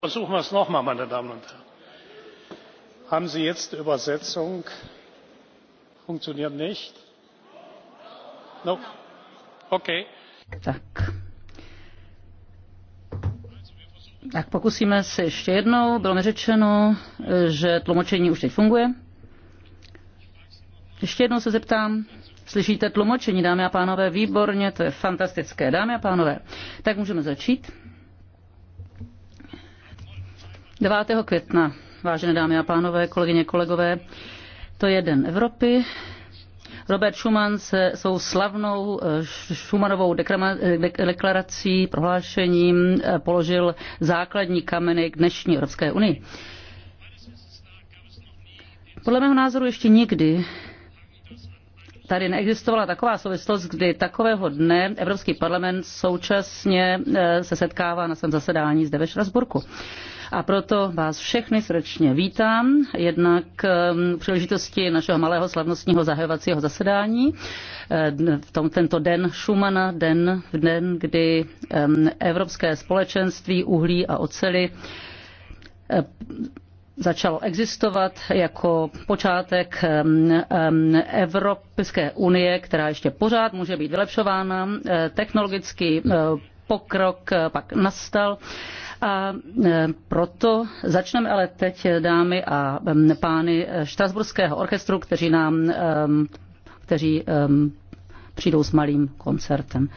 versuchen wir es noch einmal meine damen und herren. haben sie jetzt übersetzung? funktioniert nicht? okay. tak pokusíme se ještě jednou. Bylo mi řečeno, že tlumočení už teď funguje. Ještě jednou se zeptám. Slyšíte tlumočení, dámy a pánové? Výborně, to je fantastické. Dámy a pánové, tak můžeme začít. 9. května, vážené dámy a pánové, kolegyně, kolegové, to je Den Evropy. Robert Schuman se svou slavnou eh, Schumanovou eh, deklarací, prohlášením eh, položil základní kameny k dnešní Evropské unii. Podle mého názoru ještě nikdy tady neexistovala taková souvislost, kdy takového dne Evropský parlament současně se setkává na svém zasedání zde ve Štrasburku. A proto vás všechny srdečně vítám, jednak um, v příležitosti našeho malého slavnostního zahajovacího zasedání. Eh, v tom, tento den Schumana, den, den, kdy Evropské společenství uhlí a ocely eh, začalo existovat jako počátek Evropské unie, která ještě pořád může být vylepšována. Eh, technologický pokrok pak nastal a e, proto začneme ale teď, e, dámy a pány e, Štrasburského orchestru, kteří nám, kteří přijdou s malým koncertem.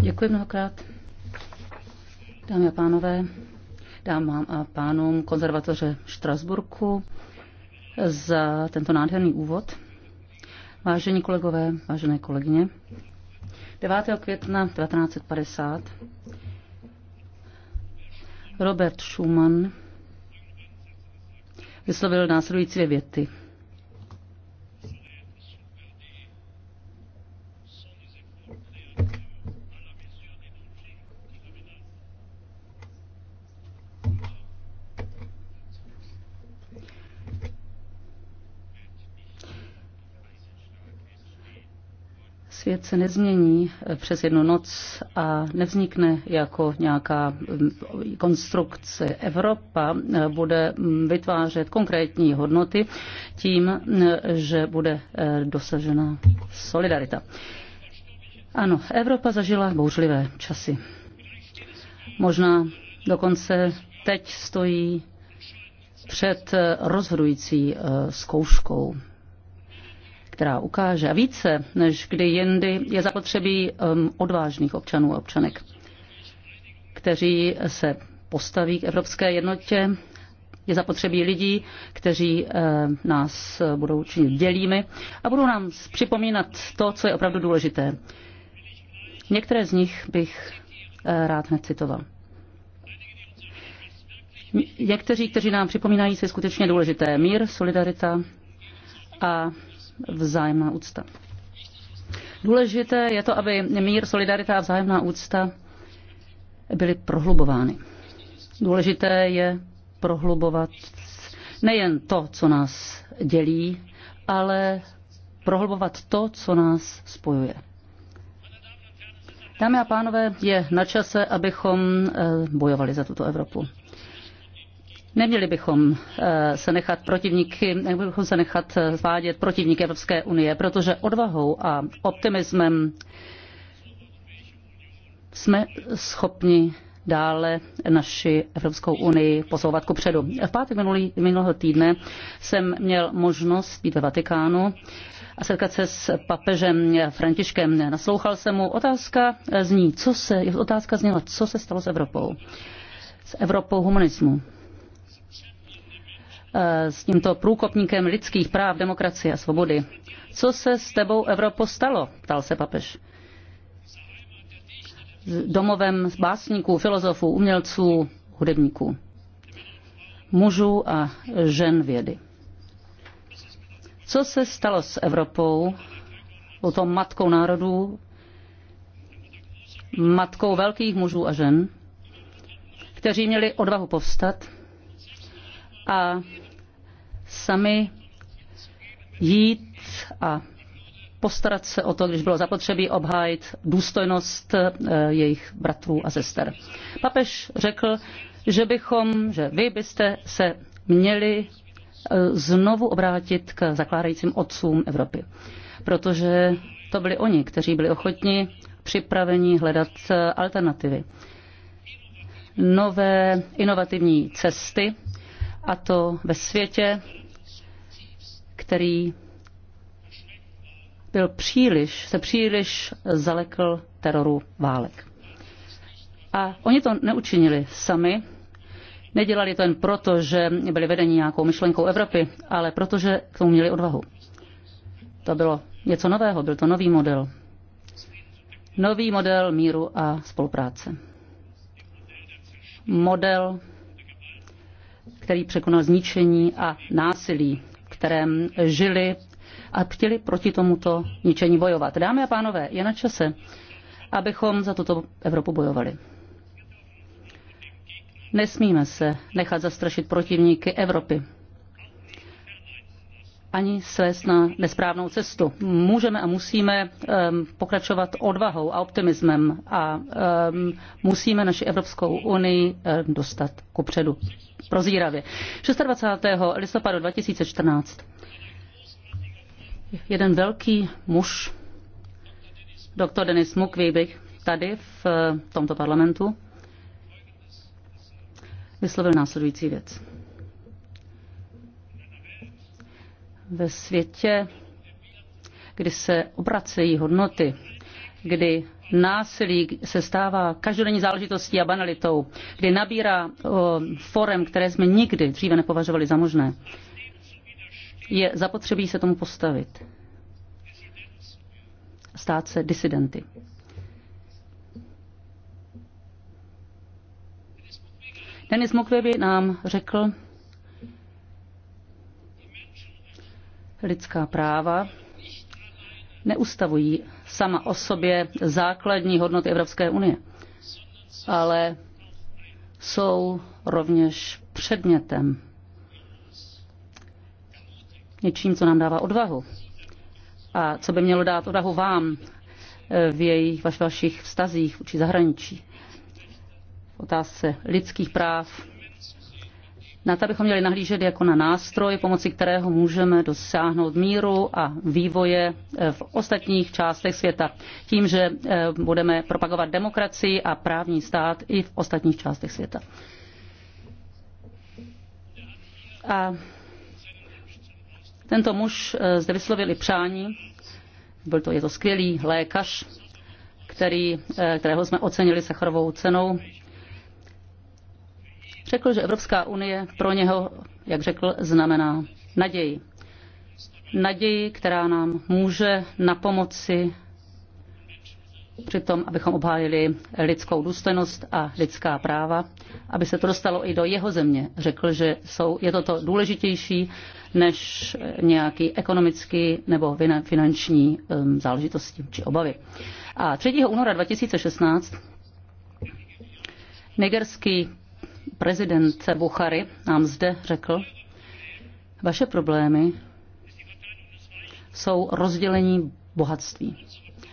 Děkuji mnohokrát. Dámy a pánové, dámám a pánům konzervatoře Štrasburku za tento nádherný úvod. Vážení kolegové, vážené kolegyně, 9. května 1950 Robert Schumann vyslovil následující věty. se nezmění eh, přes jednu noc a nevznikne jako nějaká mm, konstrukce. Evropa eh, bude mm, vytvářet konkrétní hodnoty tím, mm, že bude eh, dosažena solidarita. Ano, Evropa zažila bouřlivé časy. Možná dokonce teď stojí před rozhodující zkouškou která ukáže a více než kdy jindy je zapotřebí um, odvážných občanů a občanek, kteří se postaví k evropské jednotě. Je zapotřebí lidí, kteří uh, nás budou činit dělými a budou nám připomínat to, co je opravdu důležité. Některé z nich bych uh, rád necitoval. Někteří, kteří nám připomínají, se skutečně důležité mír, solidarita a vzájemná úcta. Důležité je to, aby mír, solidarita a vzájemná úcta byly prohlubovány. Důležité je prohlubovat nejen to, co nás dělí, ale prohlubovat to, co nás spojuje. Dámy a pánové, je na čase, abychom eh, bojovali za tuto Evropu. Neměli bychom eh, se nechat protivníky, neměli bychom se nechat eh, zvádět protivníky Evropské unie, protože odvahou a optimismem jsme schopni dále naši Evropskou unii posouvat ku předu. V pátek minulý, minulého týdne jsem měl možnost být ve Vatikánu a setkat se s papežem Františkem. Naslouchal jsem mu. Otázka zní, co se, otázka zněla, co se stalo s Evropou. S Evropou humanismu. Eh, s tímto průkopníkem lidských práv, demokracie a svobody. Co se s tebou, Evropo, stalo? ptal se papež. Domovem básníků, filozofů, umělců, hudebníků, mužů a žen vědy. Co se stalo s Evropou, o tom matkou národů, matkou velkých mužů a žen, kteří měli odvahu povstat, a sami jít a postarat se o to, když bylo zapotřebí obhájit důstojnost eh, jejich bratrů a sester. Papež řekl, že bychom, že vy byste se měli eh, znovu obrátit k zakládajícím otcům Evropy. Protože to byli oni, kteří byli ochotni, připraveni hledat eh, alternativy. Nové inovativní cesty a to ve světě, který byl příliš, se příliš zalekl teroru válek. A oni to neučinili sami, nedělali to jen proto, že byli vedeni nějakou myšlenkou Evropy, ale protože k tomu měli odvahu. To bylo něco nového, byl to nový model. Nový model míru a spolupráce. Model který překonal zničení a násilí, kterém žili a chtěli proti tomuto ničení bojovat. Dámy a pánové, je na čase, abychom za tuto Evropu bojovali. Nesmíme se nechat zastrašit protivníky Evropy ani svést na nesprávnou cestu. Můžeme a musíme pokračovat odvahou a optimismem a musíme naši Evropskou unii dostat ku předu prozíravě. 26. listopadu 2014 jeden velký muž, doktor Denis Mukwege, tady v tomto parlamentu vyslovil následující věc. ve světě, kdy se obracejí hodnoty, kdy násilí se stává každodenní záležitostí a banalitou, kdy nabírá forem, které jsme nikdy dříve nepovažovali za možné, je zapotřebí se tomu postavit. Stát se disidenty. Denis Mukwege nám řekl, lidská práva neustavují sama o sobě základní hodnoty Evropské unie, ale jsou rovněž předmětem něčím, co nám dává odvahu. A co by mělo dát odvahu vám eh, v jejich, vaš, vašich vztazích vůči zahraničí. V otázce lidských práv, na to bychom měli nahlížet jako na nástroj, pomocí kterého můžeme dosáhnout míru a vývoje eh, v ostatních částech světa. Tím, že eh, budeme propagovat demokracii a právní stát i v ostatních částech světa. A tento muž eh, zde vyslovil i přání, byl to, je to skvělý lékař, který, kterého jsme ocenili Sacharovou cenou Řekl, že Evropská unie pro něho, jak řekl, znamená naději. Naději, která nám může na pomoci při tom, abychom obhájili lidskou důstojnost a lidská práva, aby se to dostalo i do jeho země. Řekl, že jsou, je toto důležitější než nějaký ekonomický nebo finanční um, záležitosti či obavy. A 3. února 2016 nigerský prezident Buchary nám zde řekl, vaše problémy jsou rozdělení bohatství.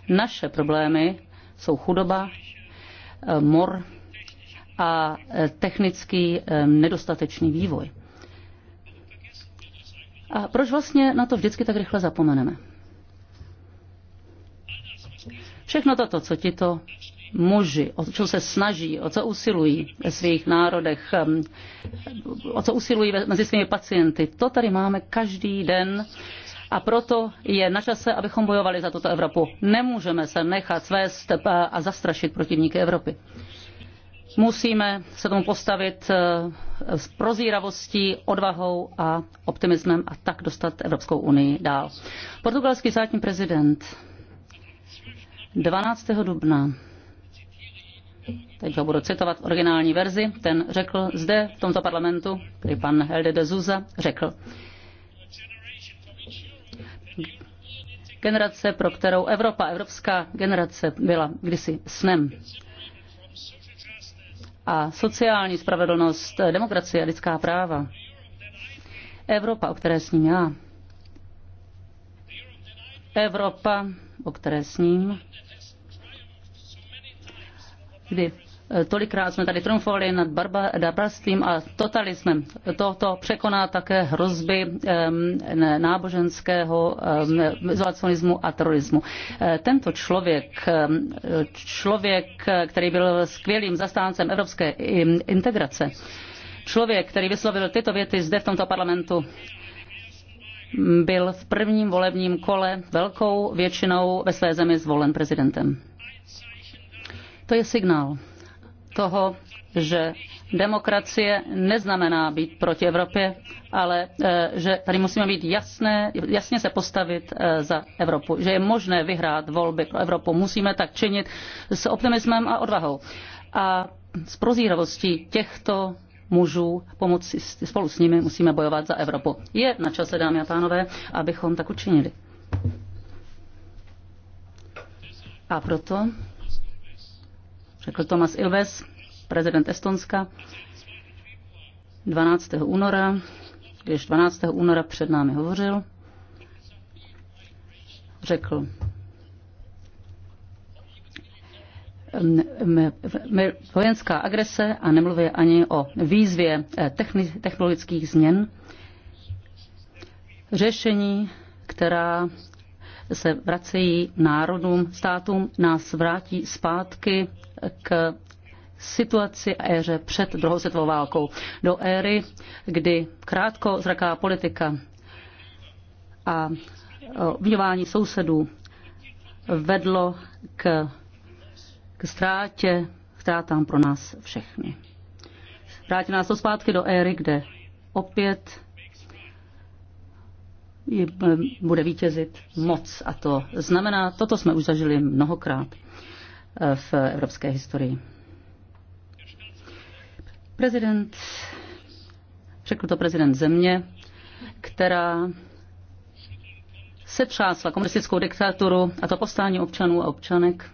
Naše problémy jsou chudoba, eh, mor a eh, technický eh, nedostatečný vývoj. A proč vlastně na to vždycky tak rychle zapomeneme? Všechno toto, co tito muži, o co se snaží, o co usilují ve svých národech, um, o co usilují mezi svými pacienty. To tady máme každý den. A proto je na čase, abychom bojovali za tuto Evropu. Nemůžeme se nechat svést uh, a zastrašit protivníky Evropy. Musíme se tomu postavit uh, s prozíravostí, odvahou a optimismem a tak dostat Evropskou unii dál. Portugalský státní prezident 12. dubna teď ho budu citovat v originální verzi, ten řekl zde v tomto parlamentu, kdy pan Helde de Zuza řekl, generace, pro kterou Evropa, evropská generace byla kdysi snem. A sociální spravedlnost, demokracie a lidská práva. Evropa, o které ním já. Evropa, o které ním kdy eh, Tolikrát jsme tady trumfovali nad barbarstvím a totalismem. Toto překoná také hrozby náboženského izolacionismu a terorismu. Eh, tento člověk, člověk, který byl skvělým zastáncem evropské integrace, člověk, který vyslovil tyto věty zde v tomto parlamentu, byl v prvním volebním kole velkou většinou ve své zemi zvolen prezidentem. To je signál toho, že demokracie neznamená být proti Evropě, ale eh, že tady musíme být jasné, jasně se postavit eh, za Evropu, že je možné vyhrát volby pro Evropu. Musíme tak činit s optimismem a odvahou. A s prozíravostí těchto mužů pomoci, spolu s nimi musíme bojovat za Evropu. Je na čase, dámy a pánové, abychom tak učinili. A proto řekl Tomas Ilves, prezident Estonska, 12. února, když 12. února před námi hovořil, řekl, vojenská agrese a nemluví ani o výzvě eh, technologických změn, řešení, která se vracejí národům, státům, nás vrátí zpátky k situaci a éře před druhou světovou válkou. Do éry, kdy krátko zraká politika a obvinování sousedů vedlo k, k ztrátě, tam pro nás všechny. Vrátí nás to zpátky do éry, kde opět bude vítězit moc. A to znamená, toto jsme už zažili mnohokrát eh, v evropské historii. Prezident, řekl to prezident země, která se třásla komunistickou diktaturu a to postání občanů a občanek.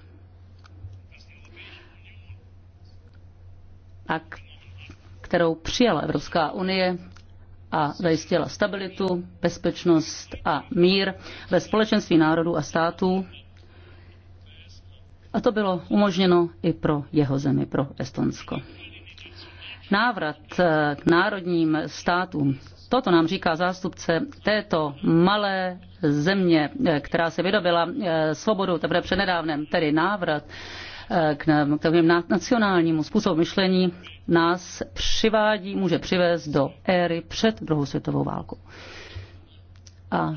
A kterou přijala Evropská unie a zajistila stabilitu, bezpečnost a mír ve společenství národů a států. A to bylo umožněno i pro jeho zemi, pro Estonsko. Návrat eh, k národním státům. Toto nám říká zástupce této malé země, eh, která se vydobila eh, svobodou teprve přednedávnem, tedy návrat Eh, k, k nacionálnímu způsobu myšlení nás přivádí, může přivést do éry před druhou světovou válkou. A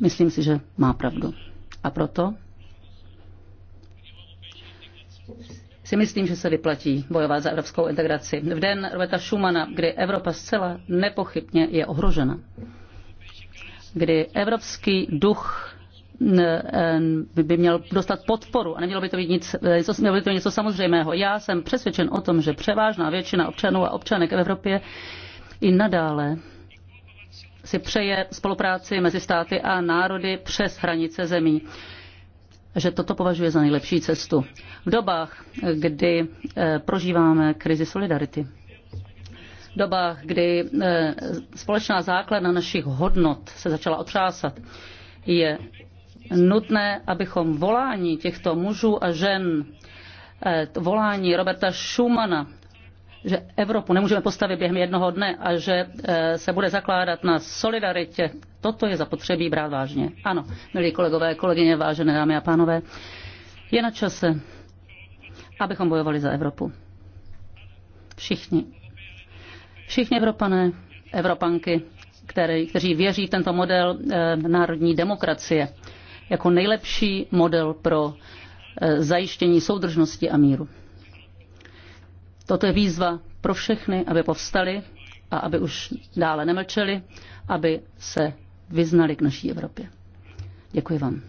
myslím si, že má pravdu. A proto si myslím, že se vyplatí bojovat za evropskou integraci. V den Roberta Schumana, kdy Evropa zcela nepochybně je ohrožena, kdy evropský duch by měl dostat podporu a nemělo by to být nic, něco, mělo by to být něco samozřejmého. Já jsem přesvědčen o tom, že převážná většina občanů a občanek v Evropě i nadále si přeje spolupráci mezi státy a národy přes hranice zemí že toto považuje za nejlepší cestu. V dobách, kdy eh, prožíváme krizi solidarity, v dobách, kdy eh, společná základna našich hodnot se začala otřásat, je nutné, abychom volání těchto mužů a žen, eh, volání Roberta Schumana, že Evropu nemůžeme postavit během jednoho dne a že eh, se bude zakládat na solidaritě. Toto je zapotřebí brát vážně. Ano, milí kolegové, kolegyně, vážené dámy a pánové, je na čase, abychom bojovali za Evropu. Všichni. Všichni Evropané, Evropanky, který, kteří věří v tento model e, národní demokracie jako nejlepší model pro eh, zajištění soudržnosti a míru. Toto je výzva pro všechny, aby povstali a aby už dále nemlčeli, aby se vyznali k naší Evropě. Děkuji vám.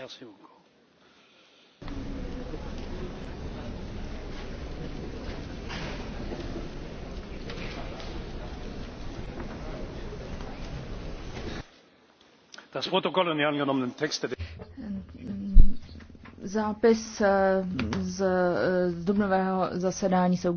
Das Protokoll und die angenommenen Texte zápis eh, eh, z dubnového zasedání jsou k